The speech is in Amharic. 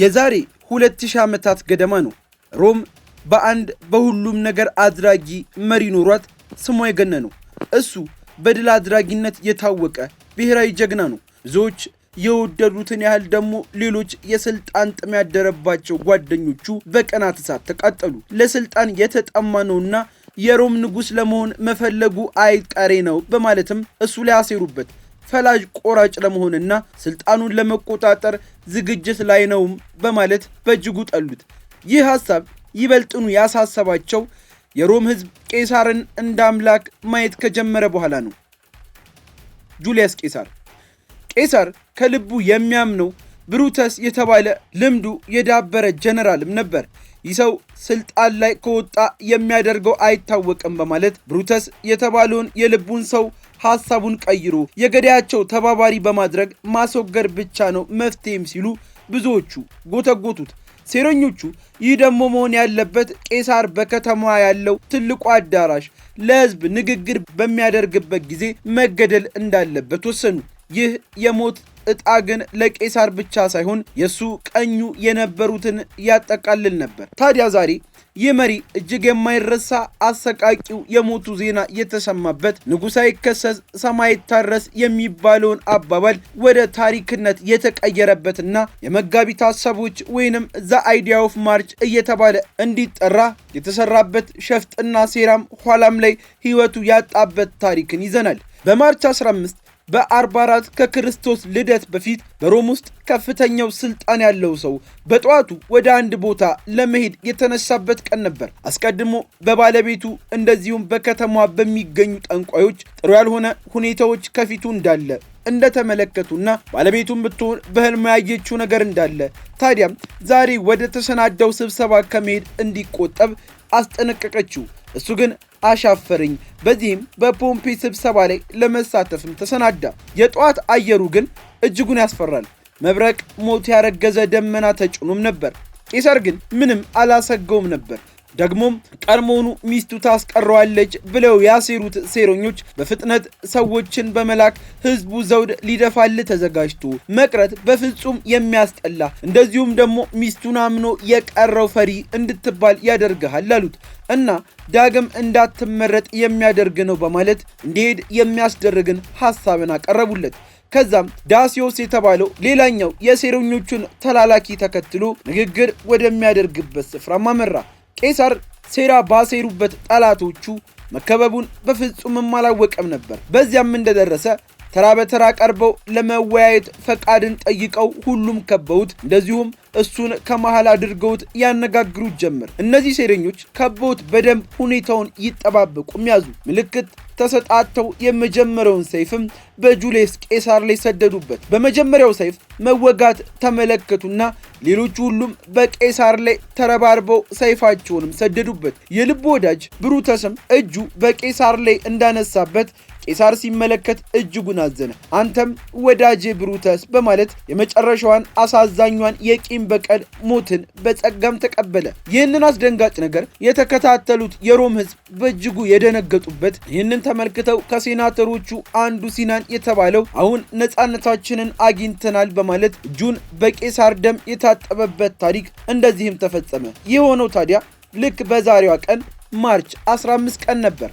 የዛሬ 2000 ዓመታት ገደማ ነው ሮም በአንድ በሁሉም ነገር አድራጊ መሪ ኖሯት ስሟ የገነ ነው። እሱ በድል አድራጊነት የታወቀ ብሔራዊ ጀግና ነው። ብዙዎች የወደዱትን ያህል ደግሞ ሌሎች የስልጣን ጥም ያደረባቸው ጓደኞቹ በቀናት እሳት ተቃጠሉ። ለስልጣን የተጠማ ነውና የሮም ንጉሥ ለመሆን መፈለጉ አይቀሬ ነው በማለትም እሱ ላይ አሴሩበት። ፈላጅ ቆራጭ ለመሆንና ስልጣኑን ለመቆጣጠር ዝግጅት ላይ ነውም በማለት በእጅጉ ጠሉት። ይህ ሐሳብ ይበልጥኑ ያሳሰባቸው የሮም ሕዝብ ቄሳርን እንደ አምላክ ማየት ከጀመረ በኋላ ነው። ጁልያስ ቄሳር ቄሳር ከልቡ የሚያምነው ብሩተስ የተባለ ልምዱ የዳበረ ጀነራልም ነበር። ይህ ሰው ስልጣን ላይ ከወጣ የሚያደርገው አይታወቅም በማለት ብሩተስ የተባለውን የልቡን ሰው ሀሳቡን ቀይሮ የገዳያቸው ተባባሪ በማድረግ ማስወገድ ብቻ ነው መፍትሄም ሲሉ ብዙዎቹ ጎተጎቱት። ሴረኞቹ ይህ ደግሞ መሆን ያለበት ቄሳር በከተማዋ ያለው ትልቁ አዳራሽ ለህዝብ ንግግር በሚያደርግበት ጊዜ መገደል እንዳለበት ወሰኑ። ይህ የሞት እጣ ግን ለቄሳር ብቻ ሳይሆን የእሱ ቀኙ የነበሩትን ያጠቃልል ነበር። ታዲያ ዛሬ ይህ መሪ እጅግ የማይረሳ አሰቃቂው የሞቱ ዜና የተሰማበት ንጉሥ አይከሰስ ሰማይ ይታረስ የሚባለውን አባባል ወደ ታሪክነት የተቀየረበትና የመጋቢት ሀሳቦች ወይንም ዘ አይዲያ ኦፍ ማርች እየተባለ እንዲጠራ የተሰራበት ሸፍጥና ሴራም ኋላም ላይ ሕይወቱ ያጣበት ታሪክን ይዘናል። በማርች 15 በ44 ከክርስቶስ ልደት በፊት በሮም ውስጥ ከፍተኛው ስልጣን ያለው ሰው በጠዋቱ ወደ አንድ ቦታ ለመሄድ የተነሳበት ቀን ነበር። አስቀድሞ በባለቤቱ እንደዚሁም በከተማዋ በሚገኙ ጠንቋዮች ጥሩ ያልሆነ ሁኔታዎች ከፊቱ እንዳለ እንደተመለከቱና ባለቤቱም ብትሆን በሕልም ያየችው ነገር እንዳለ ታዲያም ዛሬ ወደ ተሰናዳው ስብሰባ ከመሄድ እንዲቆጠብ አስጠነቀቀችው። እሱ ግን አሻፈረኝ። በዚህም በፖምፔ ስብሰባ ላይ ለመሳተፍም ተሰናዳ። የጠዋት አየሩ ግን እጅጉን ያስፈራል። መብረቅ ሞት ያረገዘ ደመና ተጭኖም ነበር። ቄሳር ግን ምንም አላሰገውም ነበር። ደግሞም ቀድሞውኑ ሚስቱ ታስቀረዋለች ብለው ያሴሩት ሴረኞች በፍጥነት ሰዎችን በመላክ ህዝቡ ዘውድ ሊደፋል ተዘጋጅቶ መቅረት በፍጹም የሚያስጠላ እንደዚሁም ደግሞ ሚስቱን አምኖ የቀረው ፈሪ እንድትባል ያደርግሃል አሉት እና ዳግም እንዳትመረጥ የሚያደርግ ነው በማለት እንዲሄድ የሚያስደርግን ሐሳብን አቀረቡለት። ከዛም ዳሲዮስ የተባለው ሌላኛው የሴረኞቹን ተላላኪ ተከትሎ ንግግር ወደሚያደርግበት ስፍራም አመራ። ቄሳር ሴራ ባሴሩበት ጠላቶቹ መከበቡን በፍጹምም አላወቀም ነበር። በዚያም እንደደረሰ ተራ በተራ ቀርበው ለመወያየት ፈቃድን ጠይቀው ሁሉም ከበውት፣ እንደዚሁም እሱን ከመሃል አድርገውት ያነጋግሩት ጀመር። እነዚህ ሴረኞች ከበውት በደንብ ሁኔታውን ይጠባበቁም ያዙ። ምልክት ተሰጣተው የመጀመሪያውን ሰይፍም በጁሌስ ቄሳር ላይ ሰደዱበት። በመጀመሪያው ሰይፍ መወጋት ተመለከቱና ሌሎቹ ሁሉም በቄሳር ላይ ተረባርበው ሰይፋቸውንም ሰደዱበት። የልብ ወዳጅ ብሩተስም እጁ በቄሳር ላይ እንዳነሳበት ቄሳር ሲመለከት እጅጉን አዘነ። አንተም ወዳጄ ብሩተስ በማለት የመጨረሻዋን አሳዛኟን የቂም በቀል ሞትን በጸጋም ተቀበለ። ይህንን አስደንጋጭ ነገር የተከታተሉት የሮም ሕዝብ በእጅጉ የደነገጡበት ይህንን ተመልክተው ከሴናተሮቹ አንዱ ሲናን የተባለው አሁን ነጻነታችንን አግኝተናል በማለት እጁን በቄሳር ደም የታጠበበት ታሪክ እንደዚህም ተፈጸመ። የሆነው ታዲያ ልክ በዛሬዋ ቀን ማርች 15 ቀን ነበር።